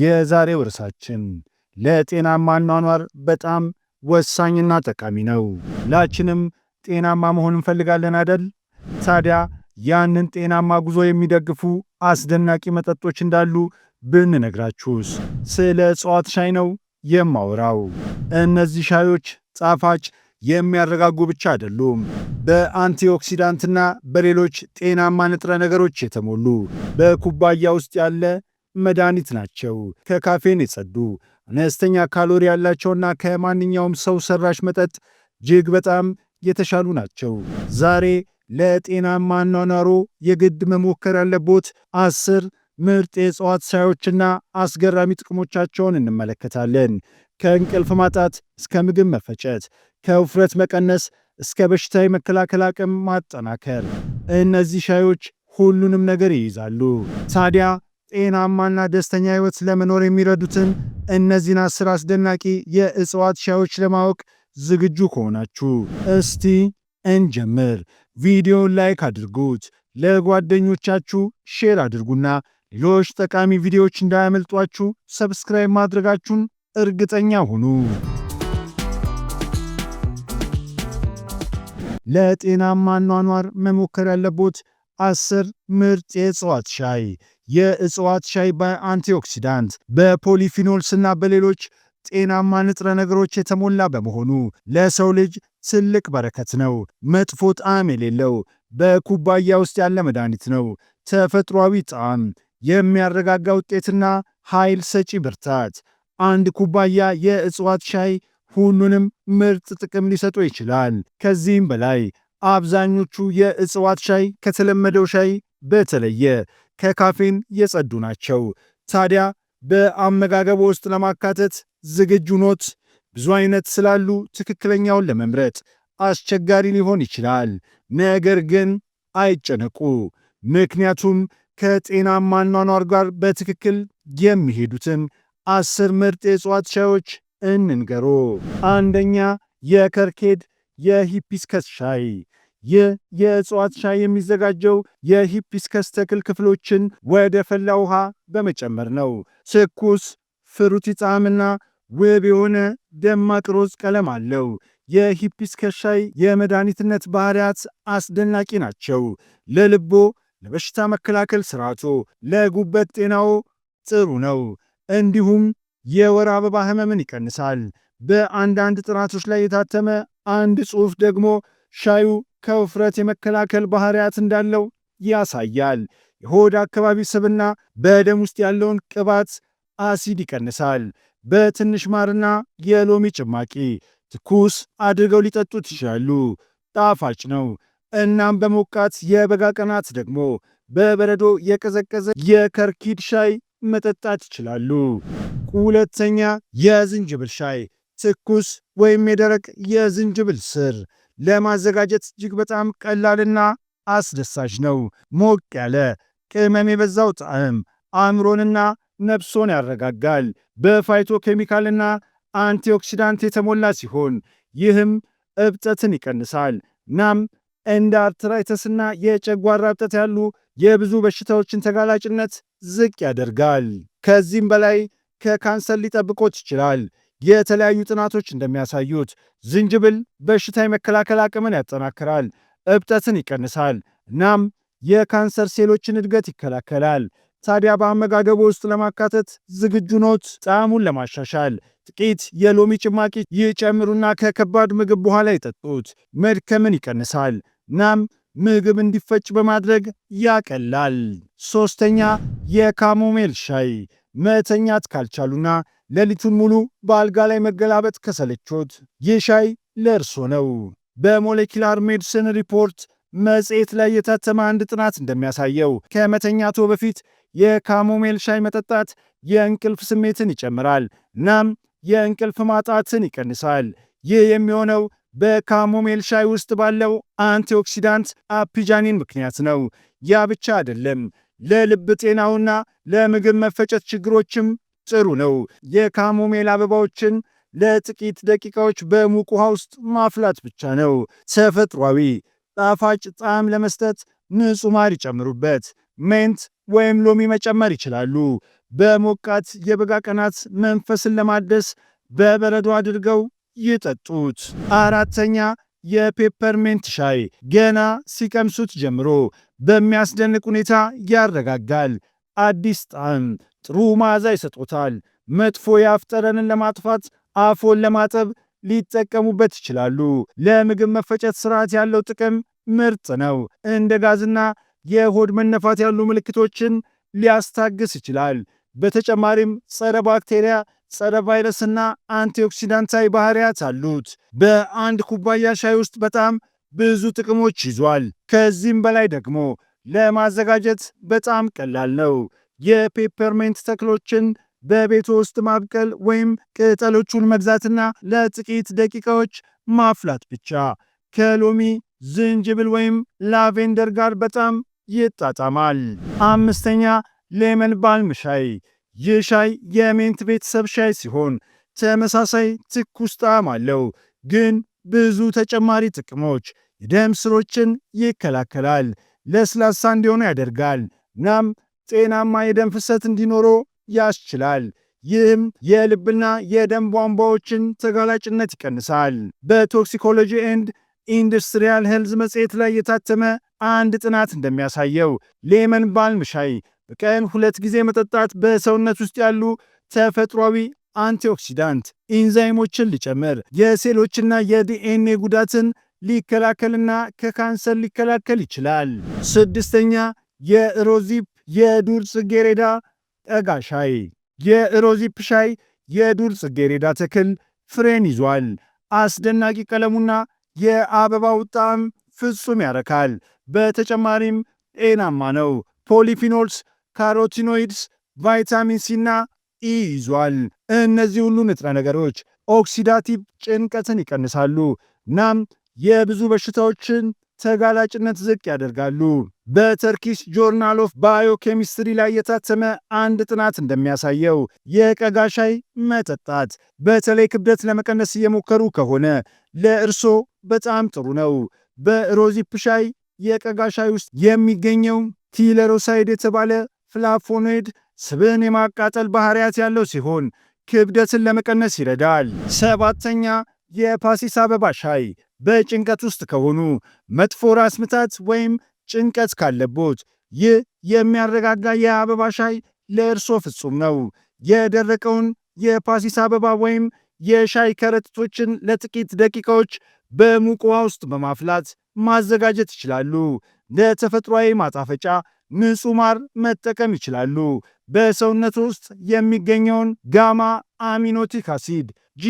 የዛሬው ርዕሳችን ለጤናማ አኗኗር በጣም ወሳኝና ጠቃሚ ነው። ሁላችንም ጤናማ መሆን እንፈልጋለን አደል? ታዲያ ያንን ጤናማ ጉዞ የሚደግፉ አስደናቂ መጠጦች እንዳሉ ብንነግራችሁስ? ስለ እጽዋት ሻይ ነው የማወራው። እነዚህ ሻዮች ጣፋጭ፣ የሚያረጋጉ ብቻ አይደሉም። በአንቲኦክሲዳንትና በሌሎች ጤናማ ንጥረ ነገሮች የተሞሉ በኩባያ ውስጥ ያለ መድኃኒት ናቸው። ከካፌን የጸዱ አነስተኛ ካሎሪ ያላቸውና ከማንኛውም ሰው ሰራሽ መጠጥ እጅግ በጣም የተሻሉ ናቸው። ዛሬ ለጤናማ አኗኗሮ የግድ መሞከር ያለቦት አስር ምርጥ የእጽዋት ሻዮችና አስገራሚ ጥቅሞቻቸውን እንመለከታለን። ከእንቅልፍ ማጣት እስከ ምግብ መፈጨት፣ ከውፍረት መቀነስ እስከ በሽታ የመከላከል አቅም ማጠናከር፣ እነዚህ ሻዮች ሁሉንም ነገር ይይዛሉ። ታዲያ ጤናማና ደስተኛ ህይወት ለመኖር የሚረዱትን እነዚህን አስር አስደናቂ የእጽዋት ሻዮች ለማወቅ ዝግጁ ከሆናችሁ እስቲ እንጀምር። ቪዲዮን ላይክ አድርጉት፣ ለጓደኞቻችሁ ሼር አድርጉና ሌሎች ጠቃሚ ቪዲዮዎች እንዳያመልጧችሁ ሰብስክራይብ ማድረጋችሁን እርግጠኛ ሁኑ። ለጤናማ አኗኗር መሞከር ያለቦት አስር ምርጥ የእጽዋት ሻይ የእጽዋት ሻይ በአንቲኦክሲዳንት እና በሌሎች ጤናማ ንጥረ ነገሮች የተሞላ በመሆኑ ለሰው ልጅ ትልቅ በረከት ነው። መጥፎ ጣዕም የሌለው በኩባያ ውስጥ ያለ መድኃኒት ነው። ተፈጥሯዊ ጣዕም፣ የሚያረጋጋ ውጤትና ኃይል ሰጪ ብርታት። አንድ ኩባያ የእጽዋት ሻይ ሁሉንም ምርጥ ጥቅም ሊሰጡ ይችላል። ከዚህም በላይ አብዛኞቹ የእጽዋት ሻይ ከተለመደው ሻይ በተለየ ከካፌን የጸዱ ናቸው። ታዲያ በአመጋገብ ውስጥ ለማካተት ዝግጁ ኖት? ብዙ አይነት ስላሉ ትክክለኛውን ለመምረጥ አስቸጋሪ ሊሆን ይችላል። ነገር ግን አይጨነቁ፣ ምክንያቱም ከጤናማ አኗኗር ጋር በትክክል የሚሄዱትን አስር ምርጥ የእጽዋት ሻዮች እንንገሮ። አንደኛ የከርኬድ የሂፒስከስ ሻይ ይህ የእጽዋት ሻይ የሚዘጋጀው የሂፒስከስ ተክል ክፍሎችን ወደ ፈላ ውሃ በመጨመር ነው። ትኩስ ፍሩቲ ጣዕምና ውብ የሆነ ደማቅ ሮዝ ቀለም አለው። የሂፒስከስ ሻይ የመድኃኒትነት ባህሪያት አስደናቂ ናቸው። ለልቦ፣ ለበሽታ መከላከል ስርዓቶ፣ ለጉበት ጤናዎ ጥሩ ነው። እንዲሁም የወር አበባ ህመምን ይቀንሳል። በአንዳንድ ጥናቶች ላይ የታተመ አንድ ጽሑፍ ደግሞ ሻዩ ከውፍረት የመከላከል ባህሪያት እንዳለው ያሳያል። የሆድ አካባቢ ስብና በደም ውስጥ ያለውን ቅባት አሲድ ይቀንሳል። በትንሽ ማርና የሎሚ ጭማቂ ትኩስ አድርገው ሊጠጡት ይችላሉ። ጣፋጭ ነው። እናም በሞቃት የበጋ ቀናት ደግሞ በበረዶ የቀዘቀዘ የከርኪድ ሻይ መጠጣት ይችላሉ። ሁለተኛ፣ የዝንጅብል ሻይ ትኩስ ወይም የደረቅ የዝንጅብል ስር ለማዘጋጀት እጅግ በጣም ቀላልና አስደሳች ነው። ሞቅ ያለ ቅመም የበዛው ጣዕም አእምሮንና ነፍሶን ያረጋጋል። በፋይቶ ኬሚካልና አንቲኦክሲዳንት የተሞላ ሲሆን ይህም እብጠትን ይቀንሳል። ናም እንደ አርትራይተስና የጨጓራ እብጠት ያሉ የብዙ በሽታዎችን ተጋላጭነት ዝቅ ያደርጋል። ከዚህም በላይ ከካንሰር ሊጠብቆት ይችላል። የተለያዩ ጥናቶች እንደሚያሳዩት ዝንጅብል በሽታ የመከላከል አቅምን ያጠናክራል፣ እብጠትን ይቀንሳል እናም የካንሰር ሴሎችን እድገት ይከላከላል። ታዲያ በአመጋገቡ ውስጥ ለማካተት ዝግጁ ኖት? ጣዕሙን ለማሻሻል ጥቂት የሎሚ ጭማቂ ይጨምሩና ከከባድ ምግብ በኋላ ይጠጡት። መድከምን ይቀንሳል እናም ምግብ እንዲፈጭ በማድረግ ያቀላል። ሶስተኛ የካሞሜል ሻይ መተኛት ካልቻሉና ሌሊቱን ሙሉ በአልጋ ላይ መገላበጥ ከሰለቾት ይህ ሻይ ለእርሶ ነው። በሞሌኪላር ሜዲሲን ሪፖርት መጽሔት ላይ የታተመ አንድ ጥናት እንደሚያሳየው ከመተኛቶ በፊት የካሞሜል ሻይ መጠጣት የእንቅልፍ ስሜትን ይጨምራል እናም የእንቅልፍ ማጣትን ይቀንሳል። ይህ የሚሆነው በካሞሜል ሻይ ውስጥ ባለው አንቲኦክሲዳንት አፒጃኒን ምክንያት ነው። ያ ብቻ አይደለም፣ ለልብ ጤናውና ለምግብ መፈጨት ችግሮችም ጥሩ ነው። የካሞሜል አበባዎችን ለጥቂት ደቂቃዎች በሙቅ ውሃ ውስጥ ማፍላት ብቻ ነው። ተፈጥሯዊ ጣፋጭ ጣዕም ለመስጠት ንጹህ ማር ይጨምሩበት። ሜንት ወይም ሎሚ መጨመር ይችላሉ። በሞቃት የበጋ ቀናት መንፈስን ለማደስ በበረዶ አድርገው ይጠጡት። አራተኛ የፔፐርሜንት ሻይ ገና ሲቀምሱት ጀምሮ በሚያስደንቅ ሁኔታ ያረጋጋል። አዲስ ጣዕም ጥሩ መዓዛ ይሰጡታል። መጥፎ የአፍ ጠረንን ለማጥፋት አፎን ለማጠብ ሊጠቀሙበት ይችላሉ። ለምግብ መፈጨት ስርዓት ያለው ጥቅም ምርጥ ነው። እንደ ጋዝና የሆድ መነፋት ያሉ ምልክቶችን ሊያስታግስ ይችላል። በተጨማሪም ጸረ ባክቴሪያ፣ ጸረ ቫይረስና አንቲኦክሲዳንታዊ ባህሪያት አሉት። በአንድ ኩባያ ሻይ ውስጥ በጣም ብዙ ጥቅሞች ይዟል። ከዚህም በላይ ደግሞ ለማዘጋጀት በጣም ቀላል ነው። የፔፐርሜንት ተክሎችን በቤት ውስጥ ማብቀል ወይም ቅጠሎቹን መግዛትና ለጥቂት ደቂቃዎች ማፍላት ብቻ ከሎሚ፣ ዝንጅብል ወይም ላቬንደር ጋር በጣም ይጣጣማል። አምስተኛ ሌመን ባልም ሻይ። ይህ ሻይ የሜንት ቤተሰብ ሻይ ሲሆን ተመሳሳይ ትኩስ ጣዕም አለው፣ ግን ብዙ ተጨማሪ ጥቅሞች። የደም ስሮችን ይከላከላል፣ ለስላሳ እንዲሆኑ ያደርጋል፣ እናም ጤናማ የደም ፍሰት እንዲኖረው ያስችላል። ይህም የልብና የደም ቧንቧዎችን ተጋላጭነት ይቀንሳል። በቶክሲኮሎጂ ኤንድ ኢንዱስትሪያል ሄልዝ መጽሔት ላይ የታተመ አንድ ጥናት እንደሚያሳየው ሌመን ባልም ሻይ በቀን ሁለት ጊዜ መጠጣት በሰውነት ውስጥ ያሉ ተፈጥሯዊ አንቲኦክሲዳንት ኢንዛይሞችን ሊጨምር የሴሎችና የዲኤንኤ ጉዳትን ሊከላከልና ከካንሰር ሊከላከል ይችላል። ስድስተኛ የሮዚ የዱር ጽጌሬዳ ጠጋ ሻይ የሮዚፕ ሻይ የዱር ጽጌሬዳ ተክል ፍሬን ይዟል። አስደናቂ ቀለሙና የአበባው ጣዕም ፍጹም ያረካል። በተጨማሪም ጤናማ ነው። ፖሊፊኖልስ፣ ካሮቲኖይድስ፣ ቫይታሚን ሲና ኢ ይዟል። እነዚህ ሁሉ ንጥረ ነገሮች ኦክሲዳቲቭ ጭንቀትን ይቀንሳሉ እናም የብዙ በሽታዎችን ተጋላጭነት ዝቅ ያደርጋሉ። በተርኪሽ ጆርናል ኦፍ ባዮኬሚስትሪ ላይ የታተመ አንድ ጥናት እንደሚያሳየው የቀጋ ሻይ መጠጣት በተለይ ክብደት ለመቀነስ እየሞከሩ ከሆነ ለእርሶ በጣም ጥሩ ነው። በሮዚፕ ሻይ የቀጋ ሻይ ውስጥ የሚገኘው ቲለሮሳይድ የተባለ ፍላፎኖይድ ስብን የማቃጠል ባህሪያት ያለው ሲሆን ክብደትን ለመቀነስ ይረዳል። ሰባተኛ የፋሲስ አበባ ሻይ በጭንቀት ውስጥ ከሆኑ፣ መጥፎ ራስ ምታት ወይም ጭንቀት ካለቦት ይህ የሚያረጋጋ የአበባ ሻይ ለእርሶ ፍጹም ነው። የደረቀውን የፋሲስ አበባ ወይም የሻይ ከረጢቶችን ለጥቂት ደቂቃዎች በሙቅ ውሃ ውስጥ በማፍላት ማዘጋጀት ይችላሉ። ለተፈጥሯዊ ማጣፈጫ ንጹህ ማር መጠቀም ይችላሉ። በሰውነት ውስጥ የሚገኘውን ጋማ አሚኖቲክ አሲድ ጂ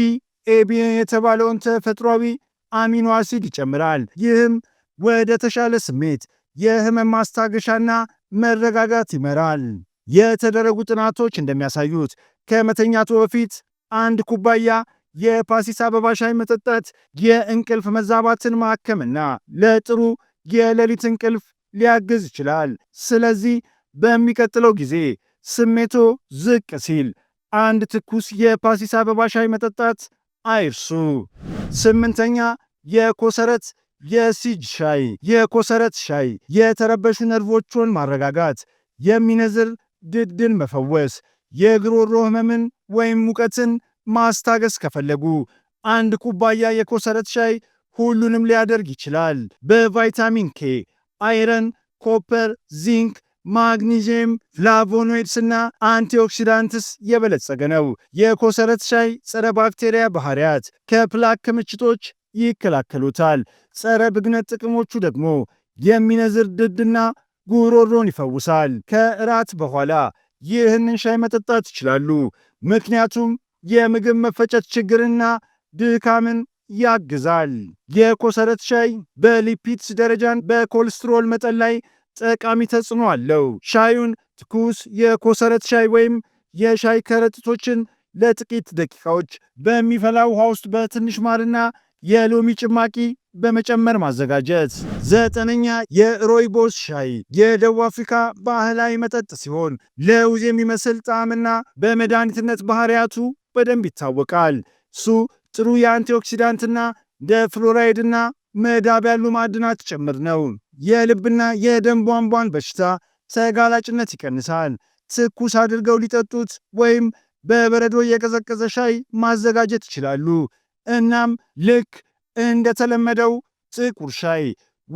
ኤቢ የተባለውን ተፈጥሯዊ አሚኖ አሲድ ይጨምራል። ይህም ወደ ተሻለ ስሜት፣ የህመም ማስታገሻና መረጋጋት ይመራል። የተደረጉ ጥናቶች እንደሚያሳዩት ከመተኛቱ በፊት አንድ ኩባያ የፓሲስ አበባ ሻይ መጠጣት የእንቅልፍ መዛባትን ማከምና ለጥሩ የሌሊት እንቅልፍ ሊያግዝ ይችላል። ስለዚህ በሚቀጥለው ጊዜ ስሜቶ ዝቅ ሲል አንድ ትኩስ የፓሲስ አበባ ሻይ መጠጣት አይርሱ። ስምንተኛ የኮሰረት የሲጅ ሻይ። የኮሰረት ሻይ የተረበሹ ነርቮችን ማረጋጋት፣ የሚነዝር ድድን መፈወስ፣ የግሮሮ ህመምን ወይም ሙቀትን ማስታገስ ከፈለጉ አንድ ኩባያ የኮሰረት ሻይ ሁሉንም ሊያደርግ ይችላል። በቫይታሚን ኬ፣ አይረን፣ ኮፐር፣ ዚንክ ማግኒዥየም ፍላቮኖይድስ እና አንቲኦክሲዳንትስ የበለጸገ ነው። የኮሰረት ሻይ ጸረ ባክቴሪያ ባህሪያት ከፕላክ ክምችቶች ይከላከሉታል። ጸረ ብግነት ጥቅሞቹ ደግሞ የሚነዝር ድድና ጉሮሮን ይፈውሳል። ከእራት በኋላ ይህንን ሻይ መጠጣት ይችላሉ፣ ምክንያቱም የምግብ መፈጨት ችግርና ድካምን ያግዛል። የኮሰረት ሻይ በሊፒድስ ደረጃን በኮሌስትሮል መጠን ላይ ጠቃሚ ተጽዕኖ አለው። ሻዩን ትኩስ የኮሰረት ሻይ ወይም የሻይ ከረጢቶችን ለጥቂት ደቂቃዎች በሚፈላ ውሃ ውስጥ በትንሽ ማርና የሎሚ ጭማቂ በመጨመር ማዘጋጀት። ዘጠነኛ የሮይቦስ ሻይ የደቡብ አፍሪካ ባህላዊ መጠጥ ሲሆን ለውዝ የሚመስል ጣዕምና በመድኃኒትነት ባህሪያቱ በደንብ ይታወቃል። እሱ ጥሩ የአንቲኦክሲዳንትና ደፍሎራይድና መዳብ ያሉ ማዕድናት ጭምር ነው። የልብና የደም ቧንቧን በሽታ ተጋላጭነት ይቀንሳል። ትኩስ አድርገው ሊጠጡት ወይም በበረዶ የቀዘቀዘ ሻይ ማዘጋጀት ይችላሉ። እናም ልክ እንደተለመደው ጥቁር ሻይ፣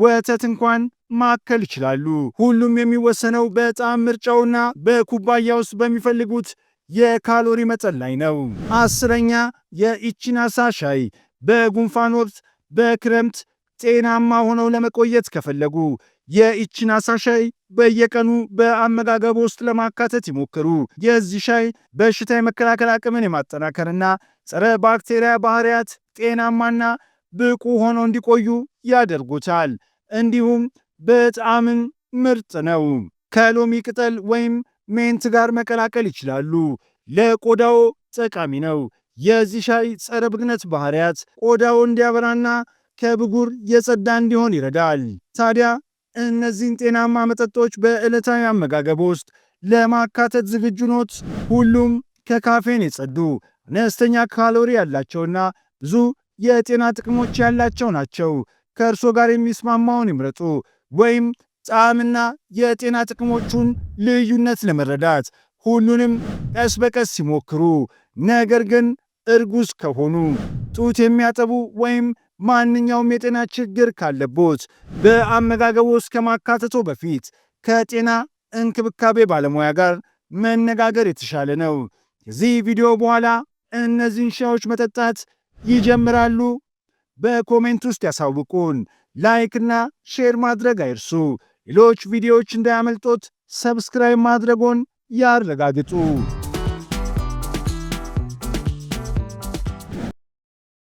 ወተት እንኳን ማከል ይችላሉ። ሁሉም የሚወሰነው በጣም ምርጫውና በኩባያ ውስጥ በሚፈልጉት የካሎሪ መጠን ላይ ነው። አስረኛ የኢቺናሳ ሻይ በጉንፋን ወቅት በክረምት ጤናማ ሆነው ለመቆየት ከፈለጉ የኢችን አሳ ሻይ በየቀኑ በአመጋገብ ውስጥ ለማካተት ይሞክሩ። የዚህ ሻይ በሽታ የመከላከል አቅምን የማጠናከርና ጸረ ባክቴሪያ ባህሪያት ጤናማና ብቁ ሆነው እንዲቆዩ ያደርጉታል። እንዲሁም በጣምን ምርጥ ነው። ከሎሚ ቅጠል ወይም ሜንት ጋር መቀላቀል ይችላሉ። ለቆዳው ጠቃሚ ነው። የዚህ ሻይ ጸረ ብግነት ባህሪያት ቆዳው እንዲያበራና ከብጉር የጸዳ እንዲሆን ይረዳል። ታዲያ እነዚህን ጤናማ መጠጦች በዕለታዊ አመጋገብ ውስጥ ለማካተት ዝግጁ ኖት? ሁሉም ከካፌን የጸዱ አነስተኛ ካሎሪ ያላቸውና ብዙ የጤና ጥቅሞች ያላቸው ናቸው። ከእርሶ ጋር የሚስማማውን ይምረጡ፣ ወይም ጣዕምና የጤና ጥቅሞቹን ልዩነት ለመረዳት ሁሉንም ቀስ በቀስ ሲሞክሩ። ነገር ግን እርጉዝ ከሆኑ፣ ጡት የሚያጠቡ ወይም ማንኛውም የጤና ችግር ካለቦት በአመጋገቡ ውስጥ ከማካተቶ በፊት ከጤና እንክብካቤ ባለሙያ ጋር መነጋገር የተሻለ ነው። ከዚህ ቪዲዮ በኋላ እነዚህን ሻዮች መጠጣት ይጀምራሉ? በኮሜንት ውስጥ ያሳውቁን። ላይክና ሼር ማድረግ አይርሱ። ሌሎች ቪዲዮዎች እንዳያመልጦት ሰብስክራይብ ማድረጎን ያረጋግጡ።